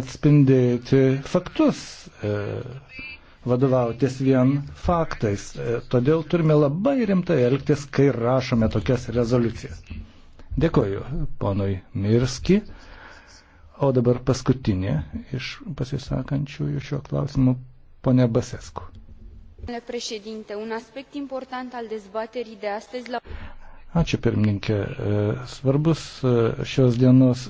atspindėti faktus, e, vadovautis vien faktais. E, todėl turime labai rimtai elgtis, kai rašome tokias rezoliucijas. Dėkoju ponui Mirski. O dabar paskutinė iš pasisakančiųjų šiuo klausimu, ponia Basesku. Un aspect important al dezbaterii de astăzi la... Ačiū pirmininkė. E, svarbus šios dienos